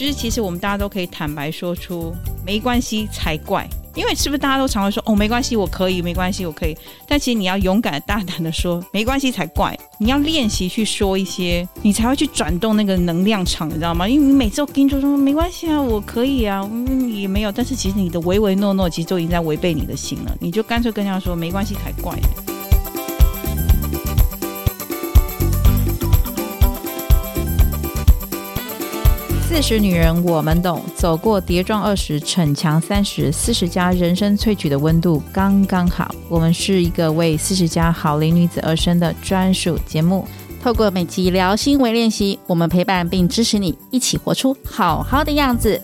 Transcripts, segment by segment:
就是，其實我們大家都可以坦白說出，沒關係才怪。因為是不是大家都常會說，哦，沒關係，我可以，沒關係，我可以。但其實你要勇敢、大膽地說，沒關係才怪。你要練習去說一些，你才會去轉動那個能量場，你知道嗎？因為你每次都跟著說沒關係啊，我可以啊、嗯，也沒有。但是其實你的唯唯諾諾，其實都已經在違背你的心了。你就乾脆跟人家說，沒關係才怪。四十女人，我們懂。走過跌撞二十，逞強三十，四十加人生萃取的溫度剛剛好。我們是一個為四十加好齡女子而生的專屬節目。透過每集聊心為練習，我們陪伴並支持你，一起活出好好的樣子。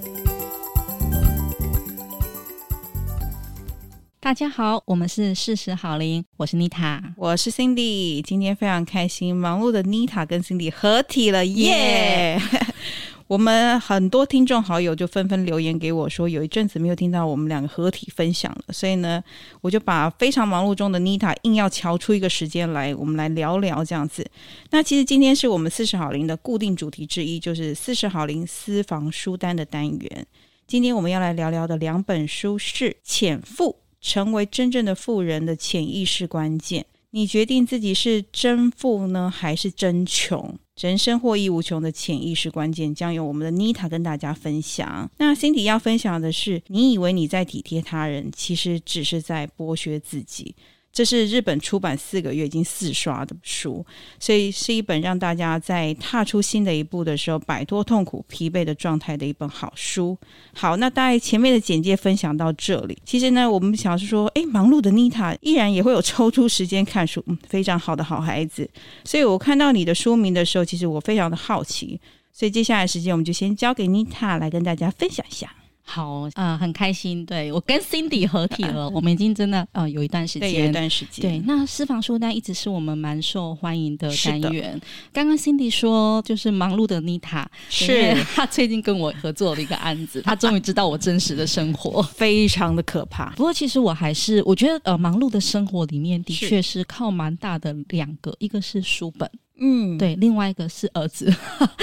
大家好，我們是四十好齡，我是妮塔，我是 Cindy。今天非常開心，忙碌的妮塔跟 Cindy 合體了、yeah! 耶！ 我們很多聽眾好友就紛紛留言給我說，有一陣子沒有聽到我們兩個合體分享了，所以呢，我就把非常忙碌中的妮塔硬要敲出一個時間來，我們來聊聊這樣子。那其實今天是我們四十好齡的固定主題之一，就是四十好齡私房書單的單元。今天我們要來聊聊的兩本書是《潛富：成為真正的富人的潛意識關鍵》，你決定自己是真富呢，還是真窮？人生獲益無窮的潛意識關鍵，將由我們的妮塔跟大家分享。那心蒂要分享的是，你以為你在體貼他人，其實只是在剝削自己。這是日本出版四個月已經四刷的書，所以是一本讓大家在踏出新的一步的時候擺脫痛苦疲憊的狀態的一本好書。好，那大概前面的簡介分享到這裡。其實呢，我們想說，哎，忙碌的妮塔依然也會有抽出時間看書，嗯，非常好的好孩子。所以我看到你的書名的時候，其實我非常的好奇。所以接下來時間，我們就先交給妮塔來跟大家分享一下。好啊、呃，很開心，對我跟 Cindy 合體了，嗯、我們已經真的呃有一段時間，對，有一段時間。對，那私房書單一直是我們蠻受歡迎的單元。剛剛 Cindy 說，就是忙碌的妮塔，是她最近跟我合作的一個案子， 她終於知道我真實的生活， 非常的可怕。不過其實我還是，我覺得呃，忙碌的生活裡面的確是靠蠻大的兩個，一個是書本。嗯，對，另外一個是兒子。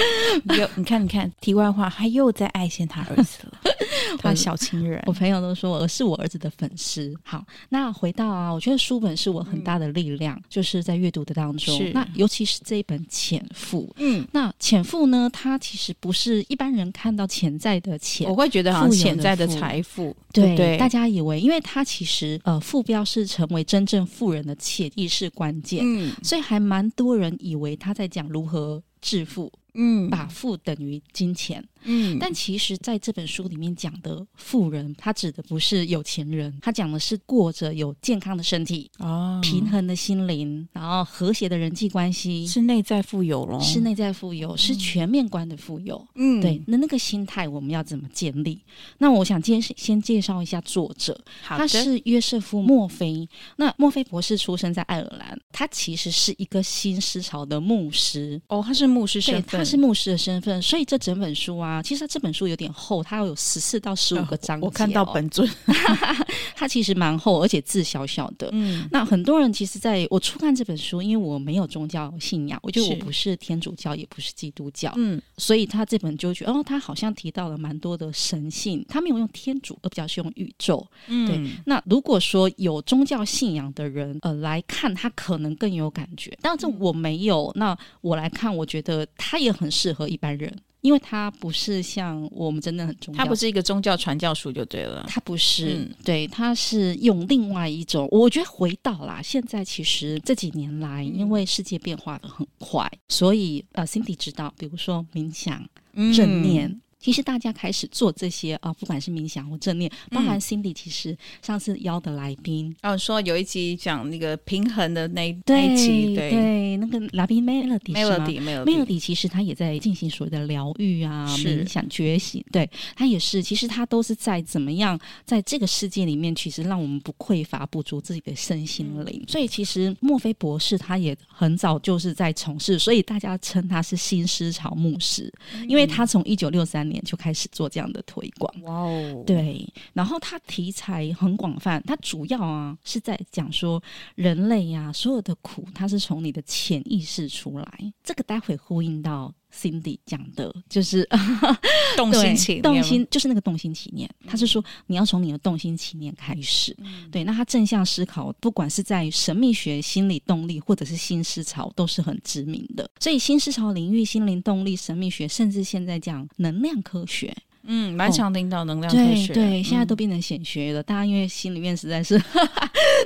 你看，你看，題外話，他又在愛現他兒子了， 他小情人。 我朋友都說我是我兒子的粉絲。好，那回到啊，我覺得書本是我很大的力量，嗯，就是在閱讀的當中是。那尤其是這一本《潛富》。嗯，那《潛富》呢，它其實不是一般人看到潛在的錢。我會覺得哈，潛在的財富，富。對對，對，大家以為，因為他其實呃，副標是成為真正富人的潛意識關鍵，嗯，所以還蠻多人以為。為他在講如何致富。嗯，把富等於金錢，嗯，但其實在這本書裡面講的富人，他指的不是有錢人，他講的是過着有健康的身體，哦，平衡的心靈，然後和諧的人際關係，是內在富有咯，是內在富有，嗯，是全面觀的富有，嗯，對，那那個心態我們要怎麼建立？那我想介先介紹一下作者，他是約瑟夫·墨菲，那墨菲博士出生在愛爾蘭，他其實是一個新思潮的牧師，哦，他是牧師身份。是牧師的身份，所以這整本書啊，其實這本書有點厚，它要有十四到十五個章、哦哦、我看到本尊， 它其實蠻厚，而且字小小的。嗯，那很多人其實在我初看這本書，因為我沒有宗教信仰，我覺得我不是天主教，也不是基督教。嗯，所以他這本就覺得，哦，他好像提到了蠻多的神性，他沒有用天主，而比較是用宇宙。嗯，對。那如果說有宗教信仰的人呃來看，他可能更有感覺。但是我沒有、嗯，那我來看，我覺得他也。很適合一般人，因為它不是像我們真的很重要，它不是一個宗教傳教書就對了，它不是、嗯，對，它是用另外一種，我覺得回到了現在，其實這幾年來，因為世界變化的很快，所以呃 Cindy 知道，比如說冥想、嗯、正念。其實大家開始做這些啊、呃，不管是冥想或正念，包含心蒂。其實上次邀的來賓，哦、嗯啊，說有一集講那個平衡的那對那一集，對對，那個拉賓 Melody，Melody, Melody, Melody 其實他也在進行所謂的療癒啊，冥想覺醒，對他也是。其實他都是在怎麼樣在這個世界裡面，其實讓我們不匱乏，不足自己的身心靈、嗯。所以其實墨菲博士他也很早就是在從事，所以大家稱他是新思潮牧師，嗯、因為他從一九六三年。就開始做這樣的推廣，哇哦！對，然後它題材很廣泛，它主要啊是在講說人類呀、啊、所有的苦，它是從你的潛意識出來，這個待會呼應到。Cindy 講的，就是 動心念、動心，就是那個動心起念。他是說，你要從你的動心起念開始。嗯、對，那他正向思考，不管是在神秘學、心理動力，或者是新思潮，都是很知名的。所以，新思潮領域、心靈動力、神秘學，甚至現在講能量科學。嗯，蠻常聽到能量學、哦、對對，現在都變成顯學了。大、嗯、家因為心裡面實在是呵呵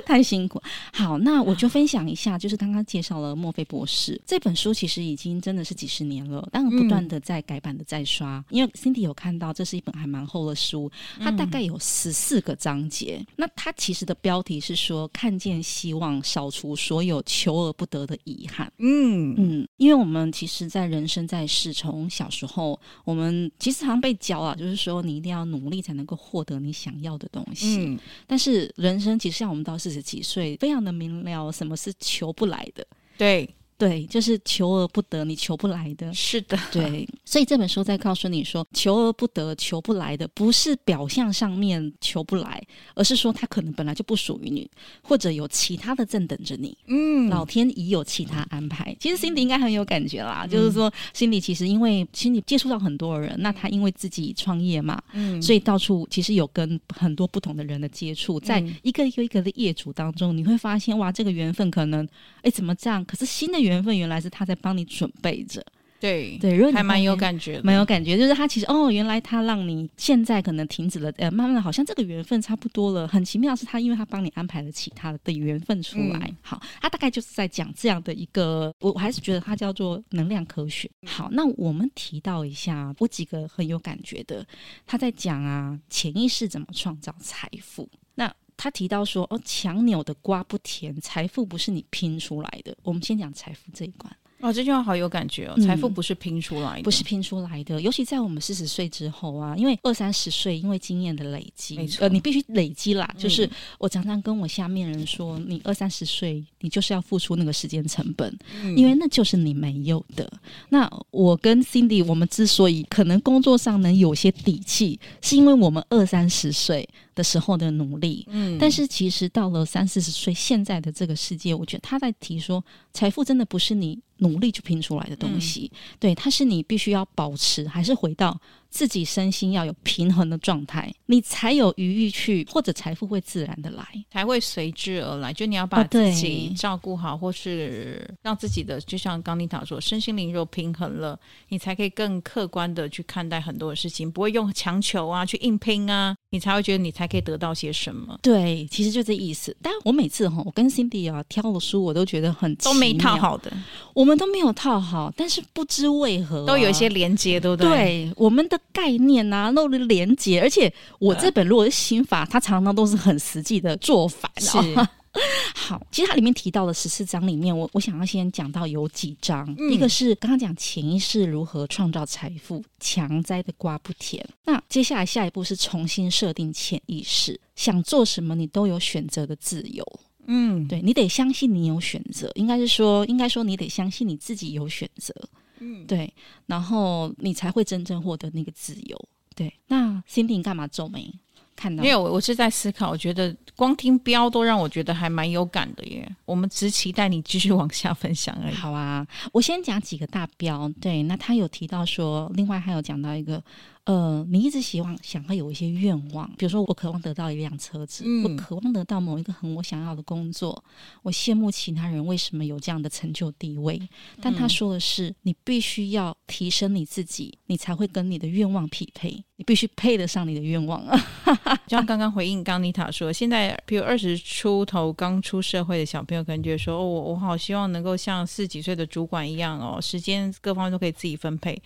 太辛苦。好，那我就分享一下，就是剛剛介紹了墨菲博士這本書，其實已經真的是幾十年了，當然不斷的在改版的再刷、嗯。因為 Cindy 有看到這是一本還蠻厚的書，它大概有十四個章節、嗯。那它其實的標題是說，看見希望，掃除所有求而不得的遺憾。嗯嗯，因為我們其實在人生在世，從小時候我們其實常被教啊。就是說，你一定要努力才能夠獲得你想要的東西。嗯，但是人生其實像我們到四十幾歲，非常的明了什麼是求不來的。對。對，就是求而不得，你求不來的。是的，對。所以這本書在告訴你說，求而不得、求不來的，不是表象上面求不來，而是說他可能本來就不屬於你，或者有其他的正等着你。嗯，老天已有其他安排。其實 Cindy 應該很有感覺啦，嗯、就是說，Cindy 其實因為 Cindy 接觸到很多人，那他因為自己創業嘛，嗯，所以到處其實有跟很多不同的人的接觸，在一個一個一個的業主當中，你會發現哇，這個緣分可能哎怎麼這樣？可是新的緣。緣分原來是他在幫你準備着，對對，還蠻有感覺，蠻有感覺，就是他其實哦，原來他讓你現在可能停止了，呃，慢慢的好像這個緣分差不多了，很奇妙是他因為他幫你安排了其他的緣分出來，嗯，好，他大概就是在講這樣的一個我，我還是覺得他叫做能量科學。好，那我們提到一下我幾個很有感覺的，他在講啊，潛意識怎麼創造財富。他提到說：“哦，強扭的瓜不甜，財富不是你拼出來的。”我們先講財富這一關。哦，這句話好有感覺哦，嗯，財富不是拼出來的，不是拼出來的。尤其在我們四十歲之後啊，因為二三十歲，因為經驗的累積沒錯，呃，你必須累積啦、嗯。就是我常常跟我下面人說，你二三十歲，你就是要付出那個時間成本、嗯，因為那就是你沒有的。那我跟 Cindy，我們之所以可能工作上能有些底氣，是因為我們二三十歲的時候的努力。嗯，但是其實到了三四十歲，現在的這個世界，我覺得他在提說，財富真的不是你。努力就拼出來的東西、嗯，對，它是你必須要保持，還是回到？自己身心要有平衡的狀態，你才有餘裕去，或者財富會自然的來，才會隨之而來。就你要把自己照顧好、啊，或是讓自己的，就像剛麗塔說，身心靈若平衡了，你才可以更客觀的去看待很多的事情，不會用強求啊，去硬拼啊，你才會覺得你才可以得到些什麼。對，其實就這意思。但我每次哈，我跟 Cindy 啊挑了書，我都覺得很都沒套好的，我們都沒有套好，但是不知為何、啊、都有一些連接對不對對。對，我們的。概念吶、啊，那連接，而且我這本如果是心法，啊、它常常都是很實際的做法是。好，其實它裡面提到的十四章裡面，我我想要先講到有幾章、嗯，一個是剛剛講潛意識如何創造財富，強摘的瓜不甜。那接下來下一步是重新設定潛意識，想做什麼你都有選擇的自由。嗯，對，你得相信你有選擇，應該是說，應該說你得相信你自己有選擇。嗯，對，然後你才會真正獲得那個自由。對，那心 i 幹嘛皺眉？看到沒有？我是在思考，我覺得光聽標都讓我覺得還蠻有感的耶。我們只期待你繼續往下分享而已。好啊，我先講幾個大標。對，那他有提到說，另外還有講到一個。呃，你一直希望想要有一些願望，比如說我渴望得到一輛車子，嗯，我渴望得到某一個很我想要的工作，我羨慕其他人為什麼有這樣的成就地位。嗯，但他說的是，你必須要提升你自己，你才會跟你的願望匹配，你必須配得上你的願望啊。就 像剛剛回應剛尼塔說，現在比如二十出頭剛出社會的小朋友，可能覺得說我、哦，我好希望能夠像四十幾歲的主管一樣哦，時間各方面都可以自己分配。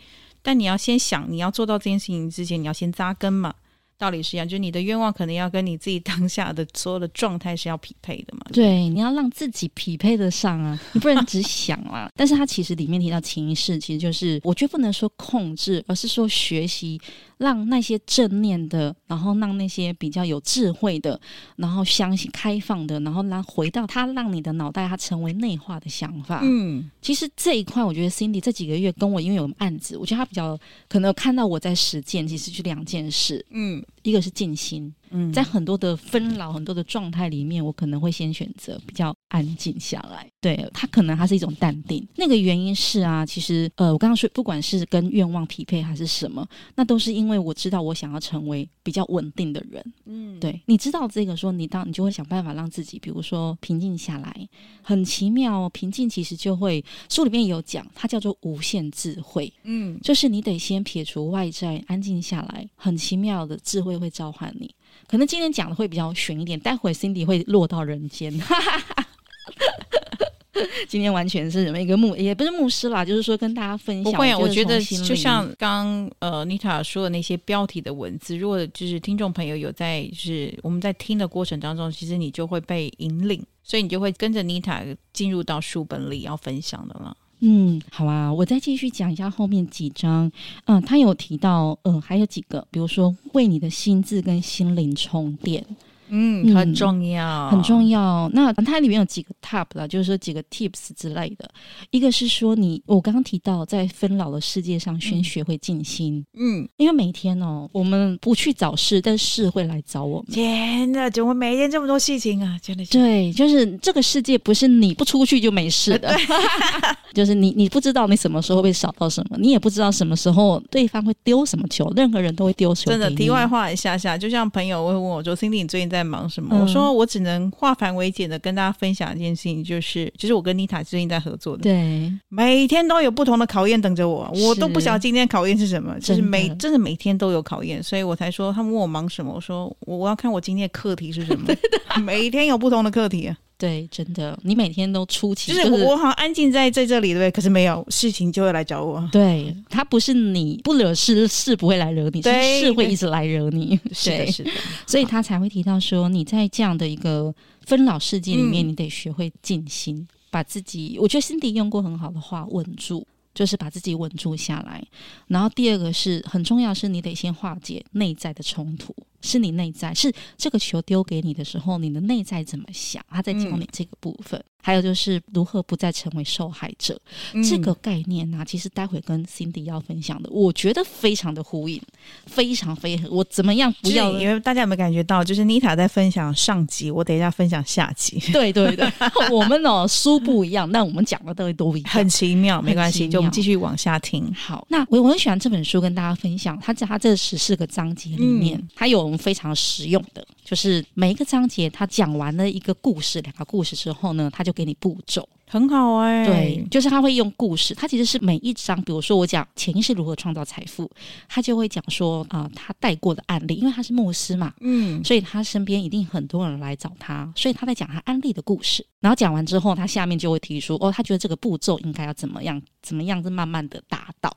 但你要先想，你要做到這件事情之前，你要先紮根嘛，道理是一樣。就是你的願望可能要跟你自己當下的所有的狀態是要匹配的嘛。對，你要讓自己匹配得上啊，你不能只想啊。 但是它其實裡面提到情緒，其實就是我絕不能說控制，而是說學習。讓那些正念的，然後讓那些比較有智慧的，然後相信開放的，然後來回到他，讓你的腦袋，它成為內化的想法。嗯，其實這一塊，我覺得 Cindy 這幾個月跟我因為有案子，我覺得他比較可能看到我在實踐，其實就兩件事。嗯，一個是靜心。嗯，在很多的紛擾、很多的狀態裡面，我可能會先選擇比較。安靜下來，對他可能他是一種淡定。那個原因是啊，其實呃，我剛剛說不管是跟願望匹配還是什麼，那都是因為我知道我想要成為比較穩定的人。嗯，對，你知道這個說，說你當你就會想辦法讓自己，比如說平靜下來。很奇妙，平靜其實就會書裡面有講，它叫做無限智慧。嗯，就是你得先撇除外在，安靜下來，很奇妙的智慧會召喚你。可能今天講的會比較玄一點，待會 Cindy 會落到人間。哈哈哈哈 今天完全是什麼一個牧，也不是牧師啦，就是說跟大家分享。不會、啊我，我覺得就像剛呃妮塔說的那些標題的文字，如果就是聽眾朋友有在，就是我們在聽的過程當中，其實你就會被引領，所以你就會跟着妮塔進入到書本裡要分享的了。嗯，好啊，我再繼續講一下後面幾章。嗯，他有提到，嗯、呃，還有幾個，比如說為你的心智跟心靈充電。嗯，嗯，很重要，很重要。那它裡面有幾個 top 啦，就是說幾個 tips 之類的。一個是說你，我剛剛提到，在分老的世界上，先學會靜心、嗯。嗯，因為每一天哦、喔，我們不去找事，但是事會來找我們。天吶，怎麼每天這麼多事情啊真？真的。對，就是這個世界不是你不出去就沒事的， 就是你，你不知道你什麼時候會掃到什麼，你也不知道什麼時候對方會丟什麼球，任何人都會丟球。真的。題外話一下下，就像朋友會問我，我說，說心 i n 最近在。忙什麼？嗯，我說我只能化繁為簡的跟大家分享一件事情，就是就是我跟妮塔最近在合作的，對，每天都有不同的考驗等着我，我都不曉得今天的考驗是什麼，是就是每真的，真的每天都有考驗，所以我才說他們問我忙什麼，我說我我要看我今天的課題是什麼， 啊，每天有不同的課題啊對，真的，你每天都出氣，就是、就是，我好像安靜在在這裡對不對？可是沒有事情就會來找我。對，他不是你不惹事是事不會來惹你，是事會一直來惹你。是的，是的，是的，所以他才會提到說，你在這樣的一個紛擾世界裡面，嗯、你得學會靜心，把自己。我覺得心蒂用過很好的話，穩住，就是把自己穩住下來。然後第二個是很重要是，是你得先化解內在的衝突。是你內在是這個球丟給你的時候，你的內在怎麼想？他在教你這個部分、嗯。還有就是如何不再成為受害者、嗯、這個概念呢、啊？其實待會跟 Cindy 要分享的，我覺得非常的呼應，非常非常，我怎麼樣不要？因為大家有沒有感覺到，就是 Nita 在分享上集，我等一下分享下集。對對對， 我們哦、喔、書不一樣，但我們講的都會都一樣，很奇妙，沒關係，就我們繼續往下聽。好，那我我很喜歡這本書跟大家分享，它在它這十四個章節裡面，還、嗯、有。非常實用的，就是每一個章節他講完了一個故事、兩個故事之後呢，他就給你步驟，很好哎、欸。對，就是他會用故事，他其實是每一章，比如說我講潛意識如何創造財富，他就會講說啊、呃，他帶過的案例，因為他是牧師嘛，嗯，所以他身邊一定很多人來找他，所以他在講他案例的故事。然後講完之後，他下面就會提出哦，他覺得這個步驟應該要怎麼樣，怎麼樣子慢慢的達到。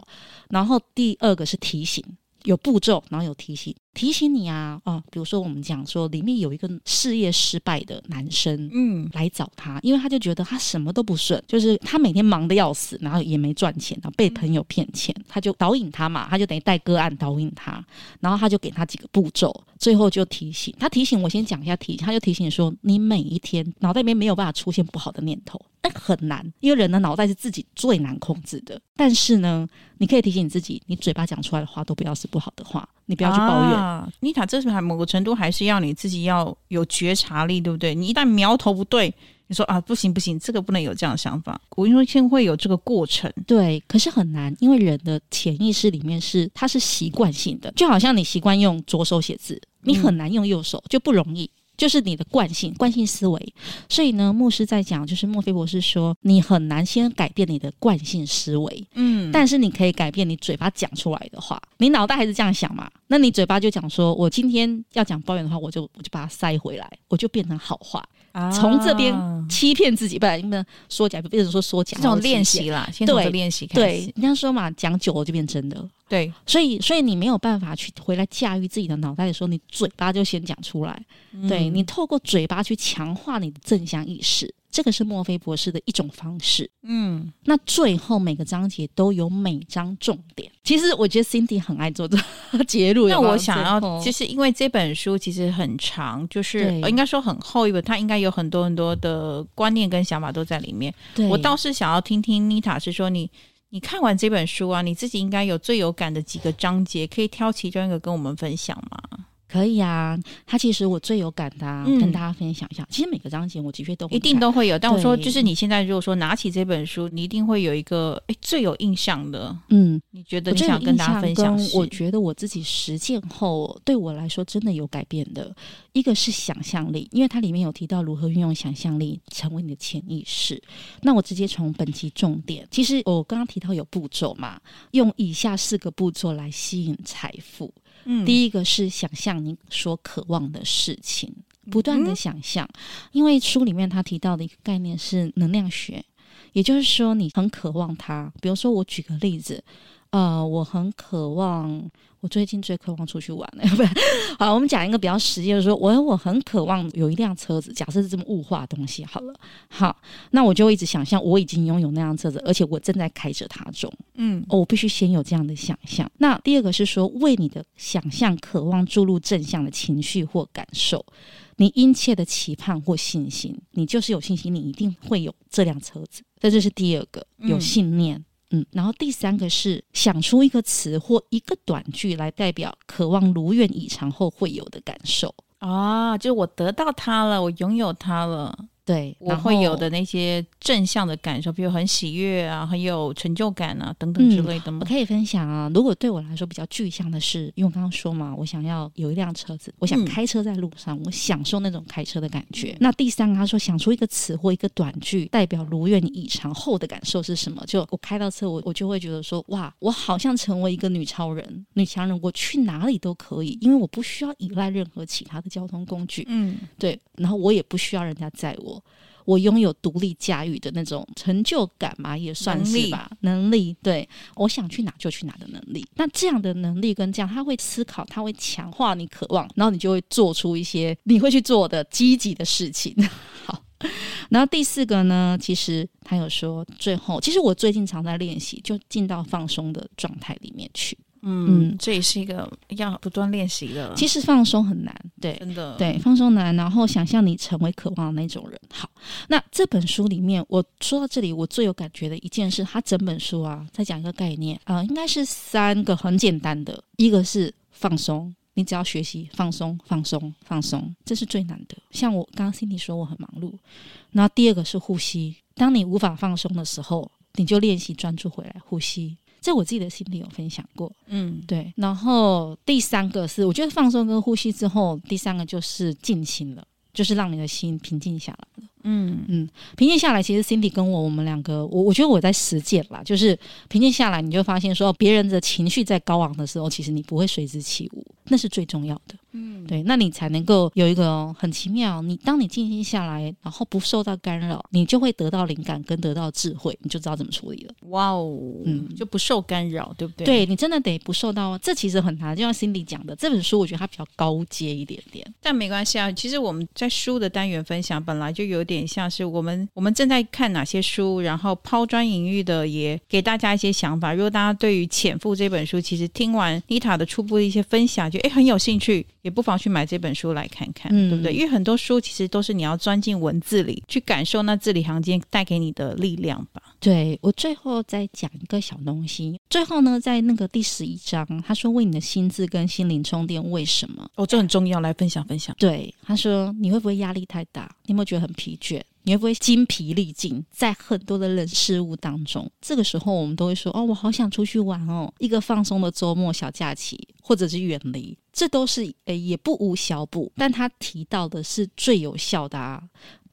然後第二個是提醒，有步驟，然後有提醒。提醒你啊啊、哦，比如說我們講說裡面有一個事業失敗的男生，嗯，來找他，因為他就覺得他什麼都不順，就是他每天忙得要死，然後也沒賺錢，然後被朋友騙錢，他就導引他嘛，他就等於帶個案導引他，然後他就給他幾個步驟，最後就提醒，他提醒我先講一下提醒，他就提醒你說，你每一天腦袋裡面沒有辦法出現不好的念頭，那很難，因為人的腦袋是自己最難控制的，但是呢，你可以提醒你自己，你嘴巴講出來的話都不要是不好的話，你不要去抱怨。啊啊，妮塔，這是還某個程度還是要你自己要有覺察力，對不對？你一旦苗頭不對，你說啊，不行不行，這個不能有這樣的想法。我聽說先會有這個過程，對，可是很難，因為人的潛意識裡面是，它是習慣性的，就好像你習慣用左手寫字，你很難用右手，嗯、就不容易。就是你的慣性，慣性思維。所以呢，牧師在講，就是墨菲博士說，你很難先改變你的慣性思維。嗯，但是你可以改變你嘴巴講出來的話。你腦袋還是這樣想嘛？那你嘴巴就講說，我今天要講抱怨的話，我就我就把它塞回來，我就變成好話。啊，從這邊欺騙自己，不然你們說假，變成說說假，這種練習啦，先對，練習。對，人家說嘛，講久了就變真的。對，所以所以你沒有辦法去回來駕馭自己的腦袋的時候，說你嘴巴就先講出來。嗯，對，你透過嘴巴去強化你的正向意識，這個是墨菲博士的一種方式。嗯，那最後每個章節都有每章重點。其實我覺得 Cindy 很愛做這個結論。那我想要就是因為這本書其實很長，就是應該說很厚一本，它應該有很多很多的觀念跟想法都在裡面。對，我倒是想要聽聽 Nita 是說你。你看完這本書啊，你自己應該有最有感的幾個章節，可以挑其中一個跟我們分享嗎？可以啊，它其實我最有感的、啊嗯，跟大家分享一下。其實每個章節我的確都一定都會有，但我說就是你現在如果說拿起這本書，你一定會有一個誒、欸、最有印象的。嗯，你覺得這跟跟大家分享，我覺得我自己實踐後對我來說真的有改變的，一個是想象力，因為它裡面有提到如何運用想象力成為你的潛意識。那我直接從本集重點，其實我剛剛提到有步驟嘛，用以下四個步驟來吸引財富。嗯。第一個是想象你所渴望的事情，不斷的想象。嗯，因為書裡面他提到的一個概念是能量學，也就是說你很渴望它。比如說，我舉個例子，呃，我很渴望。我最近最渴望出去玩了， 不好，我們講一個比較實際的說，說，我我很渴望有一輛車子，假設是這麼物化的東西，好了，好，那我就一直想象我已經擁有那輛車子，而且我正在開着它中，嗯，哦，我必須先有這樣的想象那第二個是說，為你的想象渴望注入正向的情緒或感受，你殷切的期盼或信心，你就是有信心，你一定會有這輛車子。這就是第二個，有信念。嗯嗯，然後第三個是想出一個詞或一個短句來代表渴望如願以償後會有的感受啊，哦，就我得到它了，我擁有它了。對，然後我會有的那些正向的感受，比如很喜悅啊，很有成就感啊，等等之類的嗎、嗯。我可以分享啊。如果對我來說比較具象的是，因為我剛剛說嘛，我想要有一輛車子，我想開車在路上，嗯、我享受那種開車的感覺。嗯、那第三個，他說想出一個詞或一個短句，代表如願以償後的感受是什麼？就我開到車我，我我就會覺得說，哇，我好像成為一個女超人、女強人，我去哪裡都可以，因為我不需要依賴任何其他的交通工具。嗯，對，然後我也不需要人家載我。我擁有獨立駕馭的那種成就感嘛，也算是吧能力。能力，對，我想去哪就去哪的能力。那這樣的能力跟這樣，他會思考，他會強化你渴望，然後你就會做出一些你會去做的積極的事情。好，然後第四個呢，其實他有說，最後，其實我最近常在練習，就進到放鬆的狀態裡面去。嗯，這也是一個要不斷練習的。其實放鬆很難，對，真的對，放鬆難。然後想象你成為渴望的那種人。好，那這本書裡面，我說到這裡，我最有感覺的一件事，它整本書啊，在講一個概念啊、呃，應該是三個很簡單的，一個是放鬆，你只要學習放鬆，放鬆，放鬆，這是最難的。像我剛剛心蒂說我很忙碌，然後第二個是呼吸，當你無法放鬆的時候，你就練習專注回來呼吸。這我自己的心裡有分享過，嗯，對。然後第三個是，我覺得放鬆跟呼吸之後，第三個就是靜心了，就是讓你的心平靜下來了。嗯嗯，平靜下來，其實 Cindy 跟我，我們兩個，我我覺得我在實踐啦，就是平靜下來，你就發現說，別人的情緒在高昂的時候，其實你不會隨之起舞，那是最重要的。嗯，對，那你才能夠有一個很奇妙，你當你靜心下來，然後不受到干擾，你就會得到靈感跟得到智慧，你就知道怎麼處理了。哇哦，嗯，就不受干擾，對不對？對你真的得不受到，這其實很難，就像 Cindy 講的，這本書我覺得它比較高階一點點，但沒關係啊。其實我們在書的單元分享本來就有點。點像是我們我們正在看哪些書，然後拋磚引玉的也給大家一些想法。如果大家對於《潛富》這本書，其實聽完妮塔的初步一些分享，就哎、欸、很有興趣，也不妨去買這本書來看看、嗯，對不對？因為很多書其實都是你要鑽進文字裡去感受那字裡行間帶給你的力量吧。對，我最後再講一個小東西。最後呢，在那個第十一章，他說：“為你的心智跟心靈充電，為什麼？”哦，這很重要，呃、來分享分享。對，他說：“你會不會壓力太大？你有沒有覺得很疲倦？你會不會精疲力盡？在很多的人事物當中，這個時候我們都會說：‘哦，我好想出去玩哦，一個放鬆的週末小假期，或者是遠離，這都是誒也不無小補。’但他提到的是最有效的，啊，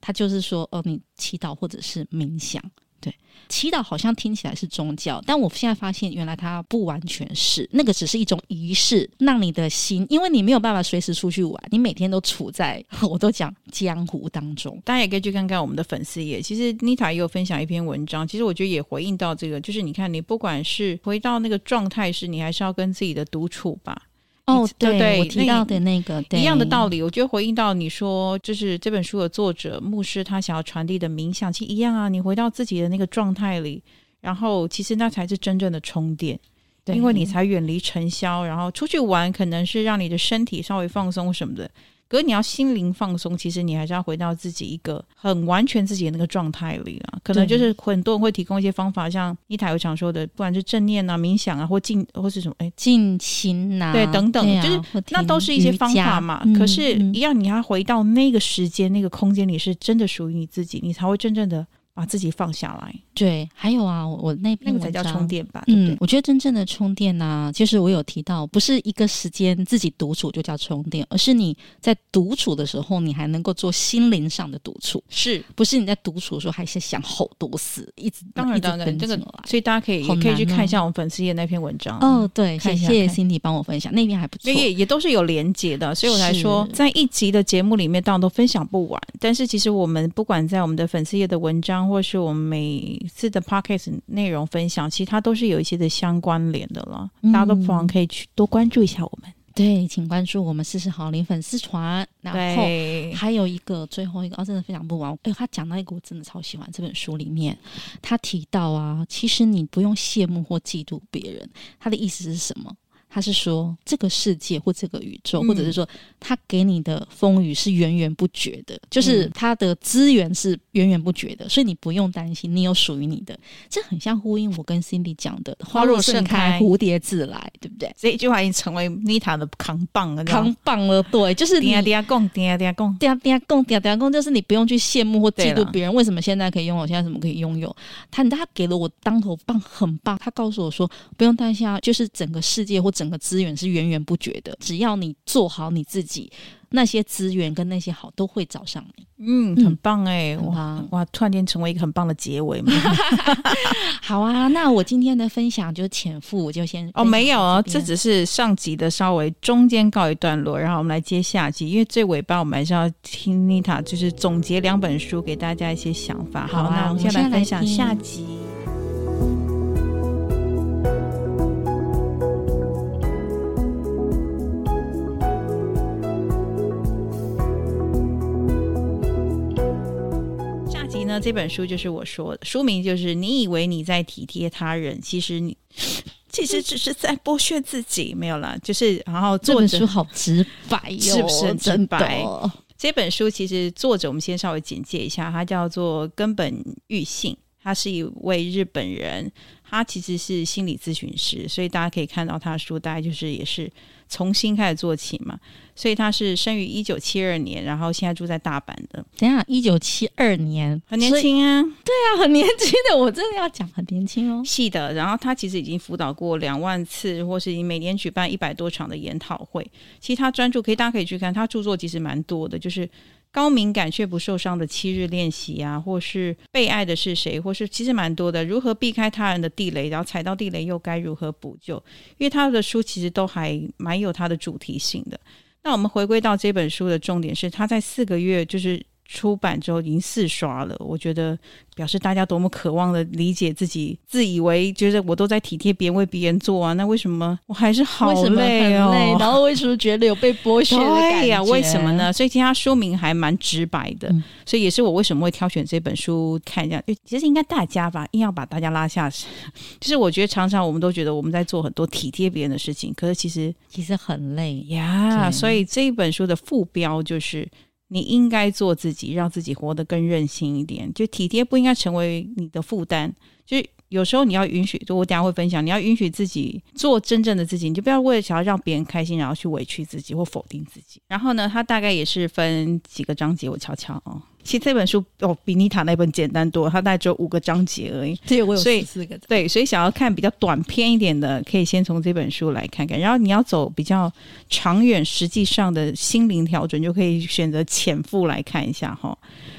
他就是說：‘哦，你祈禱或者是冥想。’對，祈禱好像聽起來是宗教，但我現在發現原來它不完全是，那個只是一種儀式，讓你的心，因為你沒有辦法隨時出去玩，你每天都處在，我都講江湖當中，大家也可以去看看我們的粉絲頁，其實妮塔也有分享一篇文章，其實我覺得也回應到這個，就是你看，你不管是回到那個狀態時，你還是要跟自己的獨處吧。哦，對對，我提到的那個對對，那一樣的道理，我覺得回應到你說，就是這本書的作者牧師他想要傳遞的冥想，其實一樣啊。你回到自己的那個狀態裡，然後其實那才是真正的充電，對，因為你才遠離塵囂。然後出去玩，可能是讓你的身體稍微放鬆什麼的。所以你要心靈放鬆，其實你還是要回到自己一個很完全自己的那個狀態裡啊。可能就是很多人會提供一些方法，像一台我常說的，不管是正念啊、冥想啊，或靜，或是什麼哎，靜心啊，對，等等、啊，就是那都是一些方法嘛。可是，一、嗯、樣、嗯、你要回到那個時間、那個空間裡，是真的屬於你自己，你才會真正的。把、啊、自己放下來，對，還有啊，我，我那篇那個才叫充電吧，對對？嗯，我覺得真正的充電呢、啊，就是我有提到，不是一個時間自己獨處就叫充電，而是你在獨處的時候，你還能夠做心靈上的獨處，是不是？你在獨處的時候，還是想好多事。一直當然當然，這個所以大家可以也可以去看一下我們粉絲頁那篇文章。哦，對，謝謝謝謝 Cindy 幫我分享那篇還不錯，所以也都是有連接的。所以我才說，在一集的節目裡面，當然都分享不完。但是其實我們不管在我們的粉絲頁的文章。或是我們每次的 podcast 內容分享，其實它都是有一些的相關聯的了、嗯。大家都不妨可以去多關注一下我們。對，請關注我們四十好齡粉絲團。然後還有一個最後一個，哦，真的分享不完。哎、欸，他講到一個我真的超喜歡這本書裡面，他提到啊，其實你不用羨慕或嫉妒別人。他的意思是什麼？他是說這個世界或這個宇宙，嗯、或者是說他給你的風雨是源源不絕的，就是他的資源是源源不絕的，所以你不用擔心，你有屬於你的。這很像呼應我跟 Cindy 講的“花若盛開，蝴蝶自來”，對不對？這一句話已經成為 Nita 的扛棒了，扛棒了。對，就是就是你不用去羨慕或嫉妒別人，為什麼現在可以擁有？現在什麼可以擁有他？他給了我當頭棒，很棒。他告訴我說，不用擔心，就是整個世界或整整個資源是源源不絕的，只要你做好你自己，那些資源跟那些好都會找上你。嗯，很棒哎、欸，嗯，哇哇，突然間成為一個很棒的結尾嘛。 好啊，那我今天的分享就潛富，我就先哦，沒有，哦，這只是上集的稍微中間告一段落，然後我們來接下集，因為最尾巴我們還是要聽妮塔，就是總結兩本書給大家一些想法。好，啊好啊，那我們先來分享下，來下集。這本書就是我說的，書名就是你以為你在體貼他人，其實你其實只是在剝削自己。 沒有啦，就是然後作者好直白，是不是很直白？這本書其實作者，我們先稍微簡介一下，他叫做根本裕幸，他是一位日本人，他其實是心理諮詢師，所以大家可以看到他的書，大概就是也是。重新開始做起嘛，所以他是生於一九七二年，然後現在住在大阪的。怎樣？一九七二年很年輕啊，對啊，很年輕的，我真的要講很年輕哦。是的，然後他其實已經輔導過兩萬次，或是已經每年舉辦一百多場的研討會。其實他專注可以，大家可以去看他著作，其實蠻多的，就是。高敏感卻不受傷的七日練習啊，或是被愛的是誰，或是其實蠻多的。如何避開他人的地雷，然後踩到地雷又該如何補救？因為他的書其實都還蠻有他的主題性的。那我們回歸到這本書的重點是，他在四個月就是。出版之後已經四刷了，我覺得表示大家多麼渴望的理解自己，自以為覺得我都在體貼別人，為別人做啊，那為什麼我還是好累哦？為什麼很累然後為什麼覺得有被剝削 對呀、啊，為什麼呢？所以其他書名還蠻直白的、嗯，所以也是我為什麼會挑選這本書看一下。就其實應該大家吧，硬要把大家拉下。就是我覺得常常我們都覺得我們在做很多體貼別人的事情，可是其實其實很累呀、yeah。所以這一本書的副標就是。你應該做自己，讓自己活得更任性一點。就體貼不應該成為你的負擔，就是。有時候你要允許，就我等下會分享，你要允許自己做真正的自己，你就不要為了想要讓別人開心，然後去委屈自己或否定自己。然後呢，它大概也是分幾個章節，我瞧瞧哦。其實這本書哦比尼塔那本簡單多，它大概只有五個章節而已。對，我有。十四個。對，所以想要看比較短篇一點的，可以先從這本書來看看。然後你要走比較長遠、實際上的心靈調整，就可以選擇潛富來看一下哈。哦。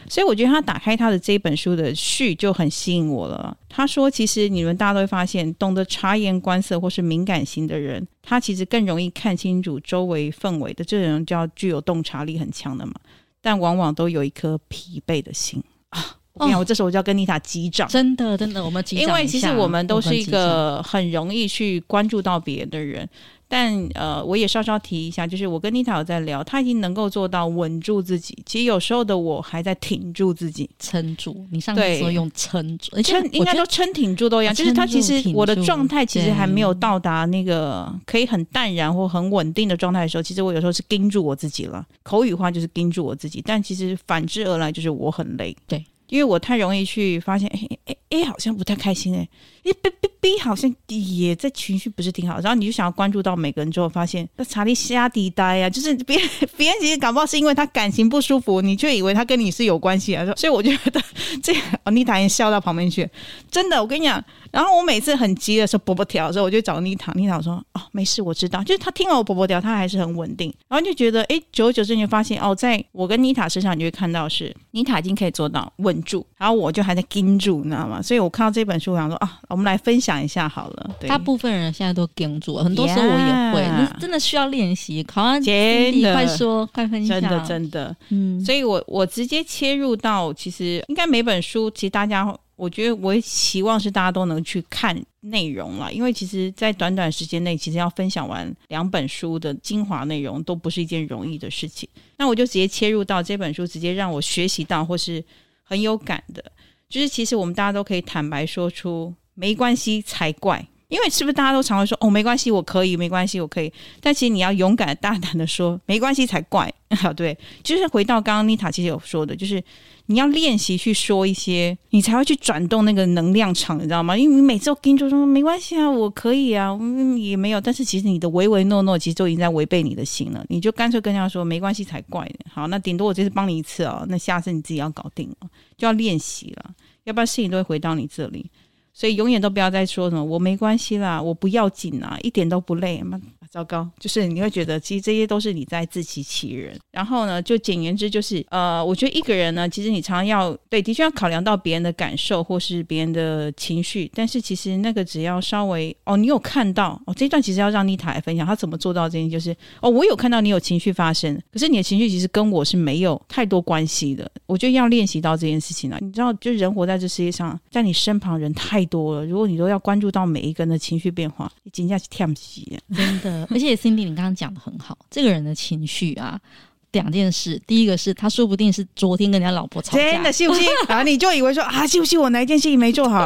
所以我覺得他打開他的這一本書的序就很吸引我了。他說：“其實你們大家都會發現，懂得察言觀色或是敏感型的人，他其實更容易看清楚周圍氛圍的這種人叫具有洞察力很強的嘛。但往往都有一顆疲憊的心啊！你看、哦、我這時候我就要跟你打擊掌，真的真的，我們因為其實我們都是一個很容易去關注到別的人。”但呃，我也稍稍提一下，就是我跟妮塔有在聊，他已經能夠做到穩住自己。其實有時候的我還在挺住自己，撐住。你上次說用撐住，撐應該說撐挺住都一樣撐住停住。就是他其實我的狀態其實還沒有到達那個可以很淡然或很穩定的狀態的時候，其實我有時候是盯住我自己了。口語化就是盯住我自己，但其實反之而來就是我很累。對，因為我太容易去發現，哎哎哎，好像不太開心哎、欸。咦，嗶嗶嗶，好像也在情緒不是挺好，然後你就想要關注到每個人，之後發現那查理瞎迪呆啊，就是別別人其實感冒是因為他感情不舒服，你卻以為他跟你是有關係啊。所以我覺得這、哦、妮塔也笑到旁邊去。真的，我跟你講，然後我每次很急的時候，婆婆調的時候，我就找妮塔，妮塔說：“哦，沒事，我知道。”就是他聽完我婆婆調，他還是很穩定。然後就覺得，哎，久而久之你就發現，哦，在我跟妮塔身上，你就會看到是妮塔已經可以做到穩住，然後我就還在盯住，你知道嗎？所以我看到這本書，我想說啊。哦。我們來分享一下好了。大部分人現在都跟住，很多時候我也會，yeah, 真的需要練習。考完真的快說，快分享，真的真的。嗯，所以我我直接切入到，其實應該每本書，其實大家，我覺得我也希望是大家都能去看內容了，因為其實，在短短時間內，其實要分享完兩本書的精華內容，都不是一件容易的事情。那我就直接切入到這本書，直接讓我學習到或是很有感的，就是其實我們大家都可以坦白說出。沒關係才怪。因為是不是大家都常會說哦，沒關係我可以，沒關係我可以，但其實你要勇敢大膽的說沒關係才怪啊！ 對，就是回到剛剛麗塔其實有說的，就是你要練習去說一些，你才會去轉動那個能量場，你知道嗎？因為你每次都跟你說沒關係啊，我可以啊，嗯，也沒有，但是其實你的唯唯諾諾其實都已經在違背你的心了。你就乾脆跟人家說沒關係才怪。好，那頂多我這次幫你一次哦、啊，那下次你自己要搞定了，就要練習了，要不然事情都會回到你這裡。所以永遠都不要再說什麼我沒關係啦，我不要緊啦，一點都不累嘛，糟糕！就是你會覺得其實這些都是你在自欺欺人。然後呢，就簡言之就是呃，我覺得一個人呢，其實你常常要對，的確要考量到別人的感受或是別人的情緒。但是其實那個只要稍微哦，你有看到哦，這一段其實要讓麗塔來分享她怎麼做到這件，就是哦，我有看到你有情緒發生，可是你的情緒其實跟我是沒有太多關係的。我覺得要練習到這件事情了。你知道，就人活在這世界上，在你身旁人太多。太多了，如果你都要關注到每一個人的情緒變化，你簡下去跳不起。真的，而且 Cindy，你剛剛講的很好，這個人的情緒啊，兩件事，第一個是他說不定是昨天跟人家老婆吵架，真的，是不是？然 後、啊、你就以為說啊，是不是我哪一件事情沒做好？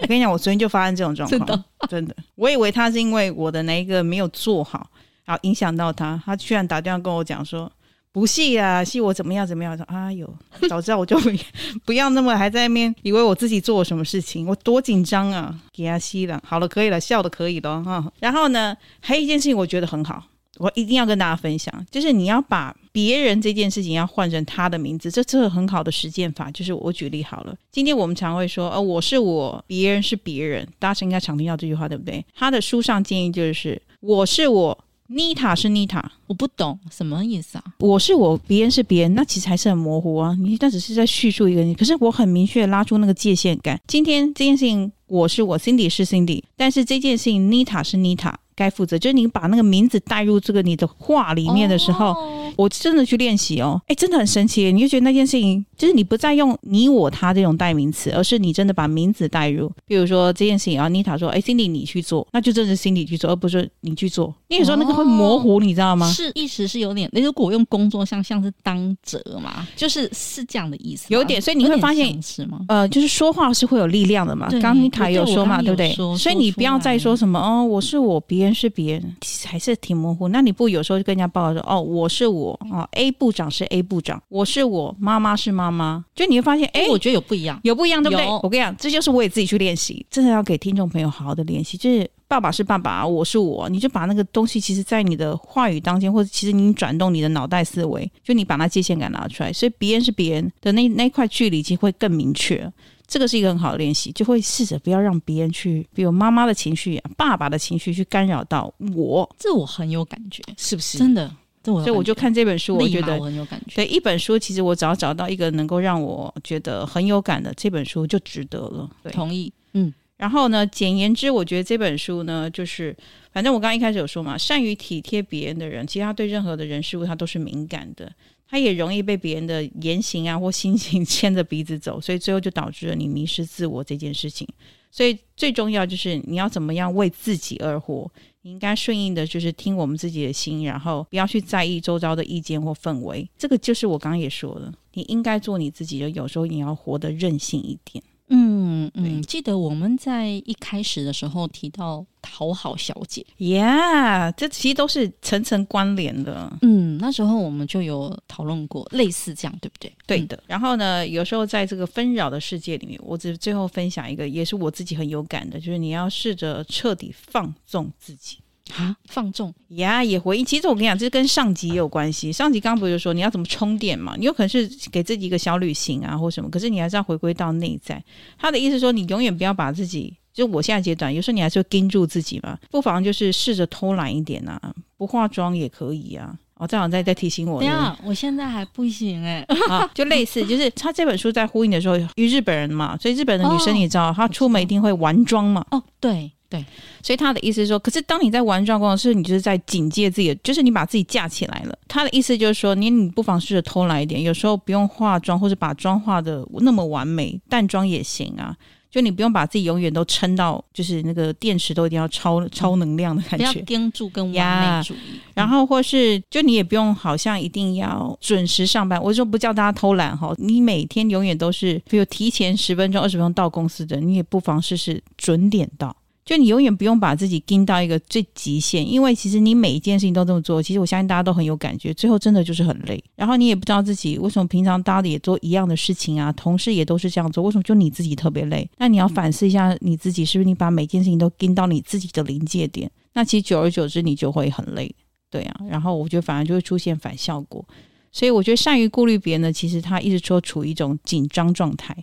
我跟你講，我昨天就發生這種狀況，真的，我以為他是因為我的那一個沒有做好，然後影響到他，他居然打電話跟我講說。不是呀、啊，是我怎麼樣怎麼樣？說啊喲，早知道我就 不要那麼還在那邊，以為我自己做了什麼事情，我多緊張啊！給他、啊、吸了，好了，可以了，笑得可以了哈、啊。然後呢，還有一件事情我覺得很好，我一定要跟大家分享，就是你要把別人這件事情要換成他的名字，這這是很好的實踐法。就是我舉例好了，今天我們常會說，哦、呃，我是我，別人是別人。大家應該常聽到這句話，對不對？他的書上建議就是，我是我。妮塔是妮塔，我不懂什麼意思啊。我是我，別人是別人，那其實還是很模糊啊。你那只是在敘述一個人，可是我很明確拉出那個界限感。今天這件事情我是我，Cindy 是 Cindy，但是這件事情妮塔是妮塔。該負責就是你把那個名字帶入這個你的話裡面的時候，哦、我真的去練習哦，哎，真的很神奇，你就覺得那件事情就是你不再用你、我、他這種代名詞，而是你真的把名字帶入，比如說這件事情，啊妮塔說：“哎 Cindy 你去做，那就真的是 Cindy 去做，而不是說你去做。哦”你說那個會模糊，你知道嗎？是，意思是有點。那如果用工作像像是當責嘛，就是是這樣的意思，有點。所以你會發現是嗎？呃，就是說話是會有力量的嘛。剛，剛妮塔有說嘛，對，對，剛剛對不對？所以你不要再說什麼哦，我是我別人。別人是別人，其實還是挺模糊，那你不有時候就跟人家爸爸說，哦，我是我哦 A 部長是 A 部長，我是我，媽媽是媽媽，就你會發現哎、欸欸，我覺得有不一樣，有不一樣，對不對？我跟你講，這就是我也自己去練習，真的要給聽眾朋友好好的練習，就是爸爸是爸爸，我是我，你就把那個東西，其實在你的話語當中，或者其實你轉動你的腦袋思維，就你把那界限感拿出來，所以別人是別人的那那塊距離，其實會更明確。這個是一個很好的練習，就會試着不要讓別人去，比如媽媽的情緒、啊、爸爸的情緒去干擾到我。這我很有感覺，是不是真的？這我所以我就看這本書，我覺得我很有感覺。對一本書，其實我只要找到一個能夠讓我覺得很有感的這本書，就值得了，對。同意，嗯。然後呢，簡言之，我覺得這本書呢，就是反正我剛剛一開始有說嘛，善於體貼別人的人，其實他對任何的人事物他都是敏感的。他也容易被別人的言行啊或心情牽着鼻子走，所以最後就導致了你迷失自我這件事情。所以最重要就是你要怎麼樣為自己而活，你應該順應的就是聽我們自己的心，然後不要去在意周遭的意見或氛圍。這個就是我剛剛也說的，你應該做你自己，有時候你要活得任性一點。嗯嗯，記得我們在一開始的時候提到討好小姐，Yeah，這其實都是層層關聯的。嗯，那時候我們就有討論過類似這樣，對不對？對的。嗯。然後呢，有時候在這個紛擾的世界裡面，我只最後分享一個，也是我自己很有感的，就是你要試着徹底放縱自己。啊，放縱呀，yeah, 也回應。其實我跟你講，這是跟上集也有關係。上集剛不就說你要怎麼充電嘛？你有可能是給自己一個小旅行啊，或什麼。可是你還是要回歸到內在。他的意思說，你永遠不要把自己。就是我現在階段，有時候你還是要盯住自己嘛。不妨就是試着偷懶一點啊，不化妝也可以啊。我、哦、再好再再提醒我的。對啊，我現在還不行哎、欸。啊， 就類似，就是他這本書在呼應的時候，與日本人嘛。所以日本的女生你知道，哦、她出門一定會完妝嘛。哦，對。對，所以他的意思是說，可是當你在玩妝的時候，你就是在警戒自己，就是你把自己架起來了。他的意思就是說，你你不妨試着偷懶一點，有時候不用化妝，或者把妝化得那麼完美，淡妝也行啊。就你不用把自己永遠都撐到，就是那個電池都一定要超、嗯、超能量的感覺，要盯住跟完美主義。然後或是就你也不用好像一定要準時上班。嗯、我就不叫大家偷懶哈，你每天永遠都是比如提前十分鐘、二十分鐘到公司的，你也不妨試試準點到。就你永遠不用把自己盯到一個最極限，因為其實你每一件事情都這麼做，其實我相信大家都很有感覺，最後真的就是很累。然後你也不知道自己為什麼平常大家也做一樣的事情啊，同事也都是這樣做，為什麼就你自己特別累？那你要反思一下你自己，是不是你把每件事情都盯到你自己的臨界點？那其實久而久之你就會很累，對啊。然後我覺得反而就會出現反效果，所以我覺得善於顧慮別人呢，其實他一直說處於一種緊張狀態。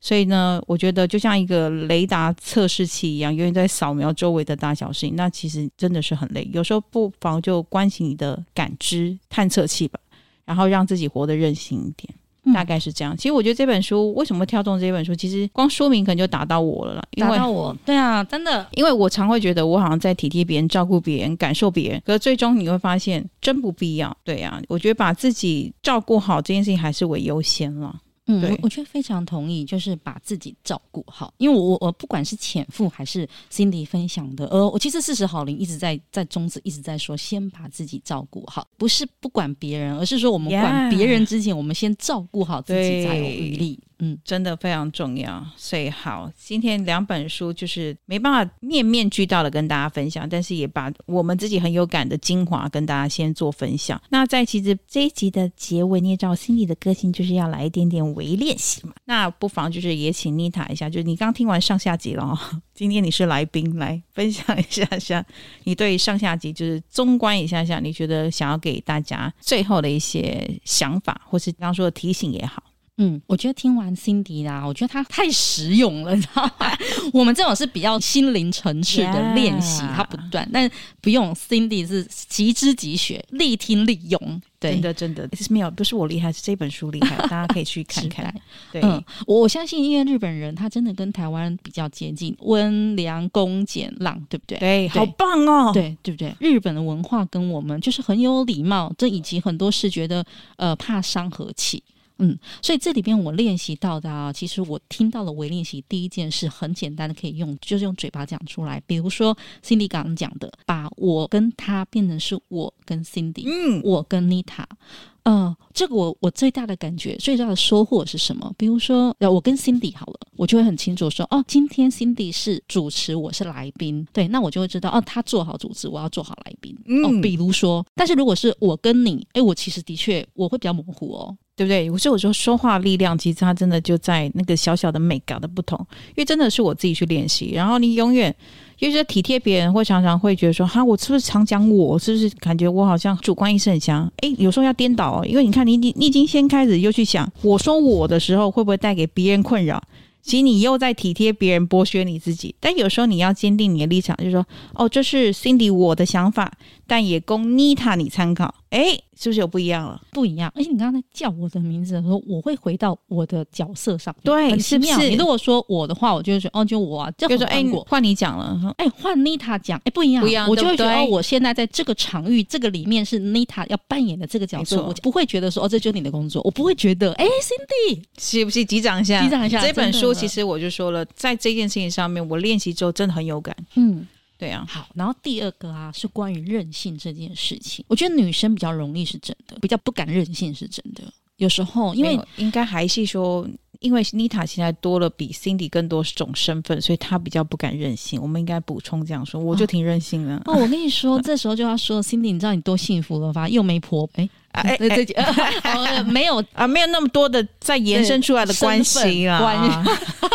所以呢，我覺得就像一個雷達測試器一樣，永遠在掃描周圍的大小事情，那其實真的是很累。有時候不妨就關心你的感知探測器吧，然後讓自己活得任性一點，嗯，大概是這樣。其實我覺得這本書為什麼跳動，這本書，其實光說明可能就打到我了了，打到我，對啊，真的，因為我常會覺得我好像在體貼別人、照顧別人、感受別人，可是最終你會發現真不必要。對啊，我覺得把自己照顧好這件事情還是為優先了。嗯，我我卻非常同意，就是把自己照顧好。因為我我我不管是潛富還是 Cindy 分享的，呃，我其實四十好齡一直在在宗旨，一直在說，先把自己照顧好，不是不管別人，而是說我們管別人之前，yeah. 我們先照顧好自己才有餘力。嗯，真的非常重要。所以好，今天兩本書就是沒辦法面面俱到的跟大家分享，但是也把我們自己很有感的精華跟大家先做分享。那在其實這一集的結尾，捏造心蒂的個性就是要來一點點微練習嘛。那不妨就是也請妮塔一下，就是你剛聽完上下集了哦，今天你是來賓，來分享一下下，你對上下集就是綜觀一下下，你覺得想要給大家最後的一些想法，或是剛剛說的提醒也好。.嗯，我覺得聽完心蒂啦，我覺得他太實用了，你知道嗎？ 我們這種是比較心靈層次的練習，他、yeah。不斷，但不用心蒂是即知即學，立聽立用。真的，真的，這、欸、是沒有，不是我厲害，是這本書厲害， 大家可以去看看。對，我、嗯、我相信，因為日本人他真的跟台灣比較接近，溫良恭儉讓，對不對，對？對，好棒哦，對，對不對，對？日本的文化跟我們就是很有禮貌，這以及很多是覺得呃怕傷和氣。嗯，所以這裡邊我練習到的啊，其實我聽到的微練習第一件事很簡單的可以用，就是用嘴巴講出來。比如說 Cindy 剛剛講的，把我跟他變成是我跟 Cindy，嗯，我跟 Nita。嗯、呃，這個我我最大的感覺最大的收穫是什麼？比如說，我跟 Cindy 好了，我就會很清楚說，哦，今天 Cindy 是主持，我是來賓，對，那我就會知道，哦，他做好主持，我要做好來賓。嗯、哦，比如說，但是如果是我跟你，哎，我其實的確我會比較模糊哦，對不對？可是我說說話力量，其實它真的就在那個小小的美感的不同，因為真的是我自己去練習，然後你永遠。因為就是體貼別人，會常常會覺得說：“哈，我是不是常講我？是不是感覺我好像主觀意識很強？”誒，有時候要顛倒，哦，因為你看你，你你你已經先開始又去想，我說我的時候會不會帶給別人困擾？其實你又在體貼別人，剝削你自己。但有時候你要堅定你的立場，就是說：“哦，這是 Cindy 我的想法，但也供 Nita 你參考。”哎、欸，是不是有不一樣了？不一樣，而且你剛才叫我的名字的時候，我，我會回到我的角色上，對，很、嗯、奇妙是不是？你如果說我的話，我就會說哦，就我、啊，比如說哎、欸，換你講了，哎、欸，換 Nita 講，哎、欸，不一樣，不一樣，我就會覺得對對哦，我現在在這個場域、這個裡面是 Nita 要扮演的這個角色，我不會覺得說哦，這就是你的工作，我不會覺得。哎、欸、Cindy，是不是擊掌一下？擊掌，掌一下，這本書其實我就說了，在這件事情上面，我練習之後真的很有感，嗯。對啊，好，然後第二個啊是關於任性這件事情，我覺得女生比較容易是真的，比較不敢任性是真的。有時候因為應該還是說，因為妮塔現在多了比 Cindy 更多種身份，所以她比較不敢任性。我們應該補充這樣說，我就挺任性的哦，哦。我跟你說， 這時候就要說 Cindy，你知道你多幸福了吧？又沒婆誒。哎、啊、哎、欸啊 哦，沒有啊，沒有那麼多的再延伸出來的關係啊。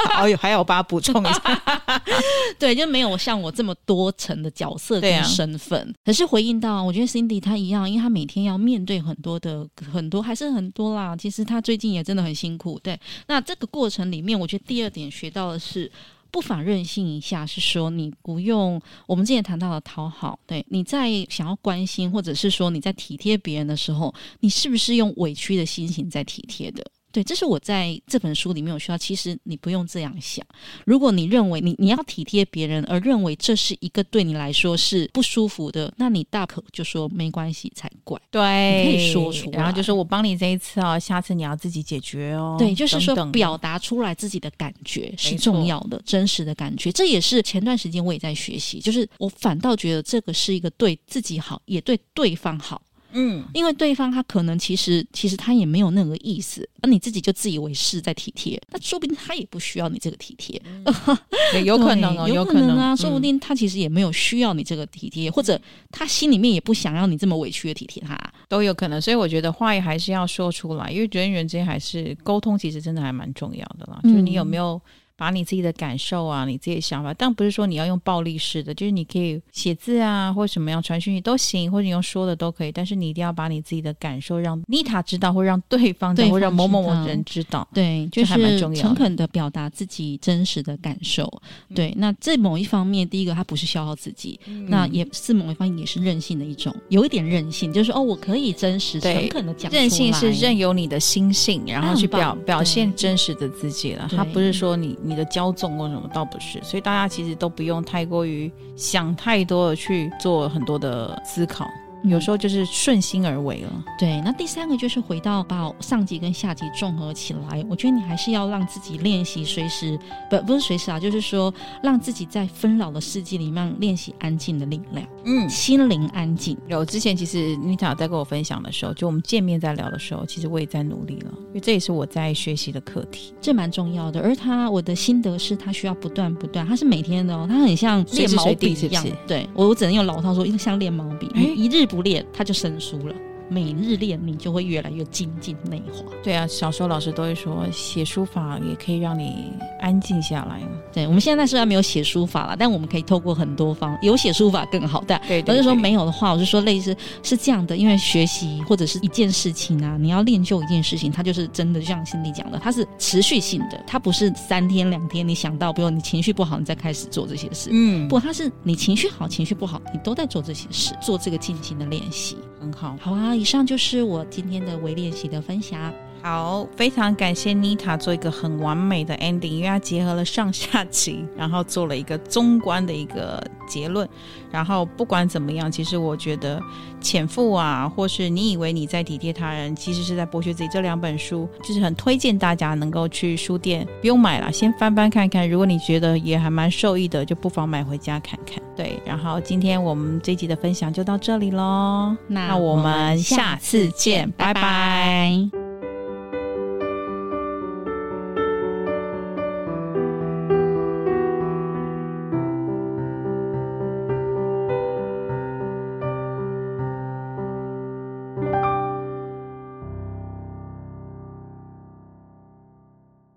還有我把它補充一下， 對，就沒有像我這麼多層的角色跟身份，啊。可是回應到，我覺得 Cindy 她一樣，因為她每天要面對很多的，很多還是很多啦。其實她最近也真的很辛苦。對，那這個過程裡面，我覺得第二點學到的是。不妨任性一下，是說你不用我們之前談到的討好，對，你在想要關心或者是說你在體貼別人的時候，你是不是用委屈的心情在體貼的？對，這是我在這本書裡面有學到。其實你不用這樣想。如果你認為你你要體貼別人，而認為這是一個對你來說是不舒服的，那你大可就說沒關係才怪。對，你可以說出來，然後就說我幫你這一次哦，下次你要自己解決哦。對，就是說表達出來自己的感覺是重要的，真實的感覺。這也是前段時間我也在學習，就是我反倒覺得這個是一個對自己好，也對對方好。嗯，因為對方他可能其實其實他也沒有那個意思，那、啊、你自己就自以為是在體貼，那說不定他也不需要你這個體貼，嗯、 也有可能哦，有可能啊可能，說不定他其實也沒有需要你這個體貼，嗯，或者他心裡面也不想要你這麼委屈的體貼他，都有可能。所以我覺得話語還是要說出來，因為人與人之間還是溝通，其實真的還蠻重要的啦，嗯、就是你有沒有。把你自己的感受啊，你自己的想法，但不是說你要用暴力式的，就是你可以寫字啊，或什麼樣傳訊息都行，或者你用說的都可以，但是你一定要把你自己的感受讓 Nita 知道，或讓對方知道，對方知道，或讓某某某人知道，對，就還蠻重要的，就是誠懇的表達自己真實的感受，嗯。對，那這某一方面，第一個它不是消耗自己，嗯，那也是某一方面也是任性的一種，嗯、有一點任性，就是哦，我可以真實對誠懇的講，任性是任由你的心性，然後去表，啊、表現真實的自己了，他不是說你你。你的驕縱或什麼倒不是，所以大家其實都不用太過於想太多的去做很多的思考。有時候就是順心而為了，嗯，對。那第三個就是回到把上級跟下級綜合起來，我覺得你還是要讓自己練習隨時不，不是隨時啊，就是說讓自己在紛擾的世界裡面練習安靜的力量。嗯，心靈安靜。嗯、有之前其實你想在跟我分享的時候，就我們見面在聊的時候，其實我也在努力了，因為這也是我在學習的課題，這蠻重要的。而他我的心得是他需要不斷不斷，他是每天的，他很像練毛筆一樣。隨時隨地一樣，是不是？對我我只能用老套說，因為像練毛筆，嗯，一日。熟練，他就生疏了。每日練，你就會越來越精進內化。對啊，小時候老師都會說，寫書法也可以讓你安靜下來。對，我們現在雖然沒有寫書法了，但我們可以透過很多方，有寫書法更好。但對，對，對，對，我就說沒有的話，我就說類似是，是這樣的，因為學習或者是一件事情啊，你要練就一件事情，它就是真的就像心蒂講的，它是持續性的，它不是三天兩天。你想到，比如你情緒不好，你再開始做這些事。嗯，不，它是你情緒好，情緒不好，你都在做這些事，做這個靜心的練習，很好，好啊。以上就是我今天的微練習的分享。好，非常感謝妮塔做一個很完美的 ending，因為她結合了上下集，然後做了一個綜觀的一個結論。然後不管怎麼樣，其實我覺得《潛富》啊，或是你以為你在體貼他人，其實是在剝削自己。這兩本書就是很推薦大家能夠去書店，不用買了，先翻翻看看。如果你覺得也還蠻受益的，就不妨買回家看看。對，然後今天我們這一集的分享就到這裡嘍，那我們下次見，拜拜。拜拜。